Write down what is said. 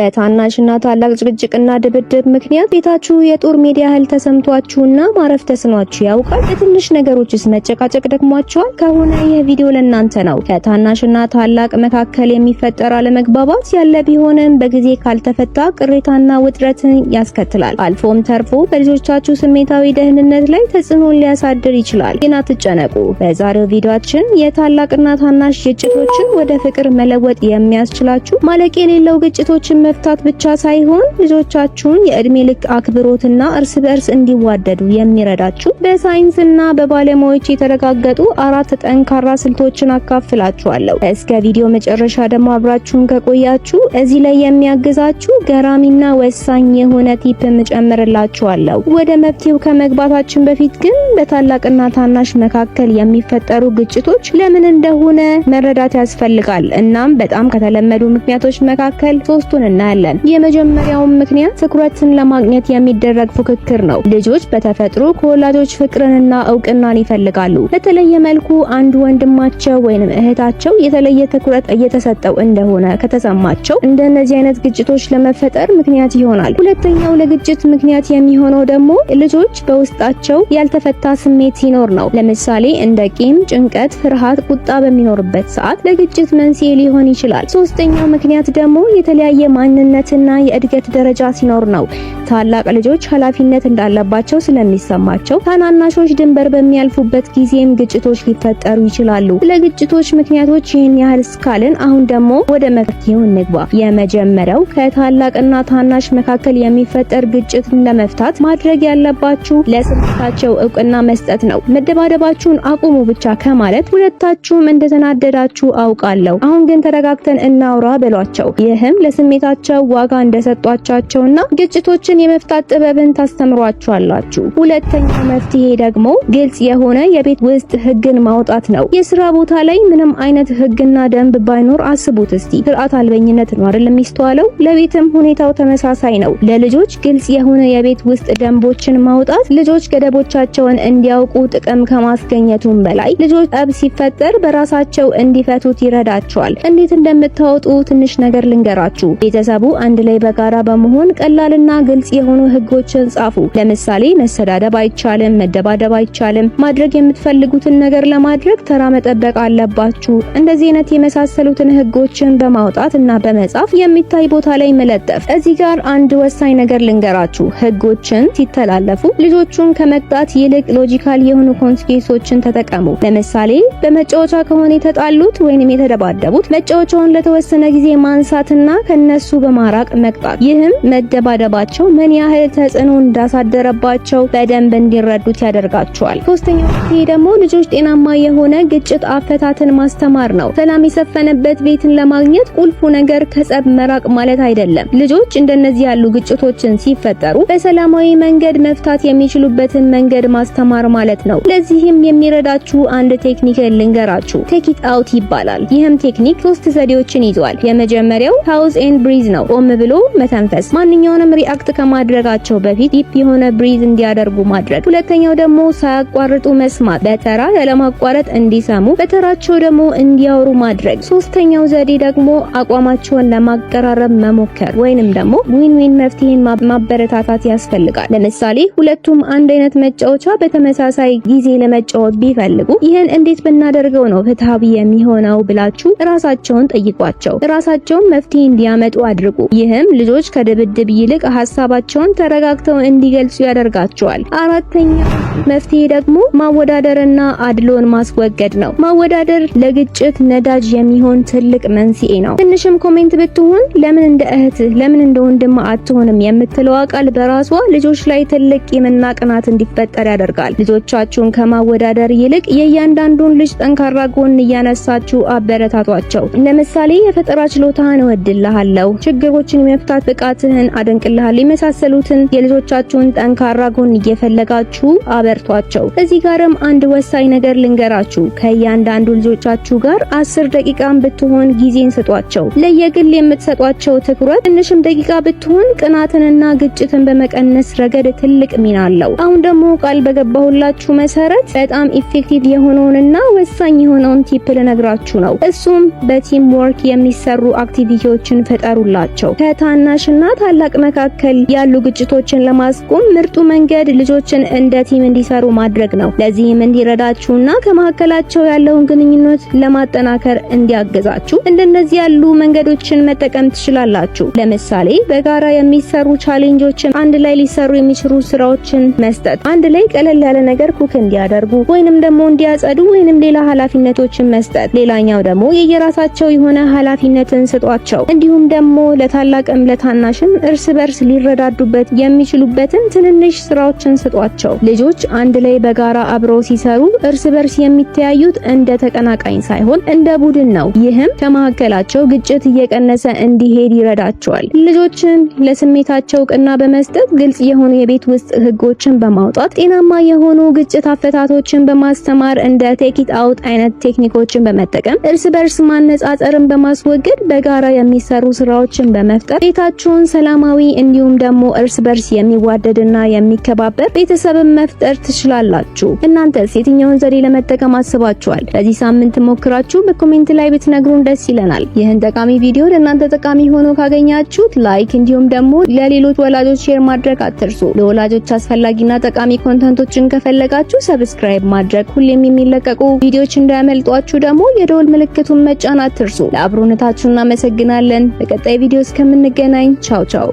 በታናሽና ታላቅ ጭቅጭቅና ድብድብ ምክንያት ቤታችሁ የጦር ሜዳ ያህል ተሰምቷችሁና ማረፍ ተስኗችሁ ያውቃል? በትንሽ ነገሮችስ መጨቃጨቅ ደግሟችኋል ከሆነ ይህ ቪዲዮ ለእናንተ ነው። ከታናሽና ታላቅ መካከል የሚፈጠር አለመግባባት ያለ ቢሆንም በጊዜ ካልተፈታ ቅሬታና ውጥረትን ያስከትላል። አልፎም ተርፎ በልጆቻችሁ ስሜታዊ ደህንነት ላይ ተጽዕኖን ሊያሳድር ይችላል። ግን አትጨነቁ። በዛሬው ቪዲዮአችን የታላቅና ታናሽ ግጭቶችን ወደ ፍቅር መለወጥ የሚያስችላችሁ ማለቅ የሌለው ግጭቶችን መፍታት ብቻ ሳይሆን ልጆቻችሁን የእድሜ ልክ አክብሮትና እርስ በርስ እንዲዋደዱ የሚረዳችሁ በሳይንስና በባለሙያዎች የተረጋገጡ አራት ጠንካራ ስልቶችን አካፍላችኋለሁ። እስከ ቪዲዮ መጨረሻ ደግሞ አብራችሁን ከቆያችሁ እዚህ ላይ የሚያግዛችሁ ገራሚና ወሳኝ የሆነ ቲፕ እጨምርላችኋለሁ። ወደ መፍትሄው ከመግባታችን በፊት ግን በታላቅና ታናሽ መካከል የሚፈጠሩ ግጭቶች ለምን እንደሆነ መረዳት ያስፈልጋል። እናም በጣም ከተለመዱ ምክንያቶች መካከል ሶስቱን እናያለን። የመጀመሪያውም ምክንያት ትኩረትን ለማግኘት የሚደረግ ፉክክር ነው። ልጆች በተፈጥሮ ከወላጆች ፍቅርንና እውቅናን ይፈልጋሉ። በተለየ መልኩ አንድ ወንድማቸው ወይም እህታቸው የተለየ ትኩረት እየተሰጠው እንደሆነ ከተሰማቸው እንደነዚህ አይነት ግጭቶች ለመፈጠር ምክንያት ይሆናል። ሁለተኛው ለግጭት ምክንያት የሚሆነው ደግሞ ልጆች በውስጣቸው ያልተፈታ ስሜት ሲኖር ነው። ለምሳሌ እንደ ቂም፣ ጭንቀት፣ ፍርሃት፣ ቁጣ በሚኖርበት ሰዓት ለግጭት መንስኤ ሊሆን ይችላል። ሶስተኛው ምክንያት ደግሞ የተለያየ ማንነትና የእድገት ደረጃ ሲኖር ነው። ታላቅ ልጆች ኃላፊነት እንዳለባቸው ስለሚሰማቸው ታናናሾች ድንበር በሚያልፉበት ጊዜም ግጭቶች ሊፈጠሩ ይችላሉ። ለግጭቶች ምክንያቶች ይህን ያህል እስካልን አሁን ደግሞ ወደ መፍትሄው እንግባ። የመጀመሪያው ከታላቅና ታናሽ መካከል የሚፈጠር ግጭትን ለመፍታት ማድረግ ያለባችሁ ለስሜታቸው እውቅና መስጠት ነው። መደባደባችሁን አቁሙ ብቻ ከማለት ሁለታችሁም እንደተናደዳችሁ አውቃለሁ፣ አሁን ግን ተረጋግተን እናውራ በሏቸው። ይህም ለስሜታ ለትግላቸው ዋጋ እንደሰጧቸውና ግጭቶችን የመፍታት ጥበብን ታስተምሯቸዋላችሁ። ሁለተኛው መፍትሄ ደግሞ ግልጽ የሆነ የቤት ውስጥ ህግን ማውጣት ነው። የስራ ቦታ ላይ ምንም አይነት ህግና ደንብ ባይኖር አስቡት እስቲ። ስርዓት አልበኝነት ነው አይደል የሚስተዋለው? ለቤትም ሁኔታው ተመሳሳይ ነው። ለልጆች ግልጽ የሆነ የቤት ውስጥ ደንቦችን ማውጣት ልጆች ገደቦቻቸውን እንዲያውቁ ጥቅም ከማስገኘቱም በላይ ልጆች ጠብ ሲፈጠር በራሳቸው እንዲፈቱት ይረዳቸዋል። እንዴት እንደምታወጡ ትንሽ ነገር ልንገራችሁ። ቤተ ቤተሰቡ አንድ ላይ በጋራ በመሆን ቀላልና ግልጽ የሆኑ ህጎችን ጻፉ። ለምሳሌ መሰዳደብ አይቻልም፣ መደባደብ አይቻልም፣ ማድረግ የምትፈልጉትን ነገር ለማድረግ ተራ መጠበቅ አለባችሁ። እንደዚህ አይነት የመሳሰሉትን ህጎችን በማውጣት እና በመጻፍ የሚታይ ቦታ ላይ መለጠፍ። እዚህ ጋር አንድ ወሳኝ ነገር ልንገራችሁ። ህጎችን ሲተላለፉ ልጆቹን ከመቅጣት ይልቅ ሎጂካል የሆኑ ኮንስኬሶችን ተጠቀሙ። ለምሳሌ በመጫወቻ ከሆነ የተጣሉት ወይንም የተደባደቡት መጫወቻውን ለተወሰነ ጊዜ ማንሳትና ከነሱ ከሱ በማራቅ መቅጣት። ይህም መደባደባቸው ምን ያህል ተጽዕኖ እንዳሳደረባቸው በደንብ እንዲረዱት ያደርጋቸዋል። ሶስተኛው መፍትሄ ደግሞ ልጆች ጤናማ የሆነ ግጭት አፈታትን ማስተማር ነው። ሰላም የሰፈነበት ቤትን ለማግኘት ቁልፉ ነገር ከጸብ መራቅ ማለት አይደለም። ልጆች እንደነዚህ ያሉ ግጭቶችን ሲፈጠሩ በሰላማዊ መንገድ መፍታት የሚችሉበትን መንገድ ማስተማር ማለት ነው። ለዚህም የሚረዳችሁ አንድ ቴክኒክ ልንገራችሁ። ቴክ ኢት አውት ይባላል። ይህም ቴክኒክ ሶስት ዘዴዎችን ይዟል። የመጀመሪያው ፓውዝ ኤንድ ብሪ ብሪዝ ነው። ቆም ብሎ መተንፈስ፣ ማንኛውንም ሪአክት ከማድረጋቸው በፊት ዲፕ የሆነ ብሪዝ እንዲያደርጉ ማድረግ። ሁለተኛው ደግሞ ሳያቋርጡ መስማት፣ በተራ ያለማቋረጥ እንዲሰሙ፣ በተራቸው ደግሞ እንዲያወሩ ማድረግ። ሶስተኛው ዘዴ ደግሞ አቋማቸውን ለማቀራረብ መሞከር ወይንም ደግሞ ዊን ዊን መፍትሄን ማበረታታት ያስፈልጋል። ለምሳሌ ሁለቱም አንድ አይነት መጫወቻ በተመሳሳይ ጊዜ ለመጫወት ቢፈልጉ ይህን እንዴት ብናደርገው ነው ፍትሃዊ የሚሆነው ብላችሁ ራሳቸውን ጠይቋቸው። ራሳቸውን መፍትሄ እንዲያመጡ አድርጉ። ይህም ልጆች ከድብድብ ይልቅ ሀሳባቸውን ተረጋግተው እንዲገልጹ ያደርጋቸዋል። አራተኛ መፍትሄ ደግሞ ማወዳደርና አድሎን ማስወገድ ነው። ማወዳደር ለግጭት ነዳጅ የሚሆን ትልቅ መንስኤ ነው። ትንሽም ኮሜንት ብትሆን ለምን እንደ እህትህ ለምን እንደ ወንድም አትሆንም የምትለው ቃል በራሷ ልጆች ላይ ትልቅ ቂምና ቅናት እንዲፈጠር ያደርጋል። ልጆቻችሁን ከማወዳደር ይልቅ የእያንዳንዱን ልጅ ጠንካራ ጎን እያነሳችሁ አበረታቷቸው። ለምሳሌ የፈጠራ ችሎታህን እወድልሃለሁ፣ ችግሮችን የመፍታት ብቃትህን አደንቅልሃል። የመሳሰሉትን የልጆቻችሁን ጠንካራ ጎን እየፈለጋችሁ አበርቷቸው። እዚህ ጋርም አንድ ወሳኝ ነገር ልንገራችሁ። ከእያንዳንዱ ልጆቻችሁ ጋር አስር ደቂቃም ብትሆን ጊዜን ስጧቸው። ለየግል የምትሰጧቸው ትኩረት ትንሽም ደቂቃ ብትሆን ቅናትንና ግጭትን በመቀነስ ረገድ ትልቅ ሚና አለው። አሁን ደግሞ ቃል በገባሁላችሁ መሰረት በጣም ኢፌክቲቭ የሆነውንና ወሳኝ የሆነውን ቲፕ ልነግራችሁ ነው። እሱም በቲም ወርክ የሚሰሩ አክቲቪቲዎችን ፈጠሩ አላቸው። ከታናሽና ታላቅ መካከል ያሉ ግጭቶችን ለማስቆም ምርጡ መንገድ ልጆችን እንደ ቲም እንዲሰሩ ማድረግ ነው። ለዚህም እንዲረዳችሁና ከመካከላቸው ያለውን ግንኙነት ለማጠናከር እንዲያገዛችሁ እንደነዚህ ያሉ መንገዶችን መጠቀም ትችላላችሁ። ለምሳሌ በጋራ የሚሰሩ ቻሌንጆችን፣ አንድ ላይ ሊሰሩ የሚችሉ ስራዎችን መስጠት፣ አንድ ላይ ቀለል ያለ ነገር ኩክ እንዲያደርጉ ወይንም ደግሞ እንዲያጸዱ ወይንም ሌላ ኃላፊነቶችን መስጠት። ሌላኛው ደግሞ የየራሳቸው የሆነ ኃላፊነትን ስጧቸው። እንዲሁም ደግሞ ደግሞ ለታላቅም ለታናሽም እርስ በርስ ሊረዳዱበት የሚችሉበትን ትንንሽ ስራዎችን ስጧቸው። ልጆች አንድ ላይ በጋራ አብረው ሲሰሩ እርስ በርስ የሚተያዩት እንደ ተቀናቃኝ ሳይሆን እንደ ቡድን ነው። ይህም ከመካከላቸው ግጭት እየቀነሰ እንዲሄድ ይረዳቸዋል። ልጆችን ለስሜታቸው ቅና በመስጠት ግልጽ የሆኑ የቤት ውስጥ ህጎችን በማውጣት ጤናማ የሆኑ ግጭት አፈታቶችን በማስተማር እንደ ቴኪት አውት አይነት ቴክኒኮችን በመጠቀም እርስ በርስ ማነጻጸርን በማስወገድ በጋራ የሚሰሩ ስራዎች ስራዎችን በመፍጠር ቤታችሁን ሰላማዊ እንዲሁም ደግሞ እርስ በርስ የሚዋደድና የሚከባበር ቤተሰብን መፍጠር ትችላላችሁ። እናንተስ የትኛውን ዘዴ ለመጠቀም አስባችኋል? በዚህ ሳምንት ሞክራችሁ በኮሜንት ላይ ብትነግሩን ደስ ይለናል። ይህን ጠቃሚ ቪዲዮ ለእናንተ ጠቃሚ ሆኖ ካገኛችሁት ላይክ እንዲሁም ደግሞ ለሌሎች ወላጆች ሼር ማድረግ አትርሱ። ለወላጆች አስፈላጊና ጠቃሚ ኮንተንቶችን ከፈለጋችሁ ሰብስክራይብ ማድረግ፣ ሁሌም የሚለቀቁ ቪዲዮዎች እንዳያመልጧችሁ ደግሞ የደወል ምልክቱን መጫን አትርሱ። ለአብሮነታችሁ እናመሰግናለን። በቀጣይ በቀጣይ ቪዲዮ እስከምንገናኝ ቻው ቻው።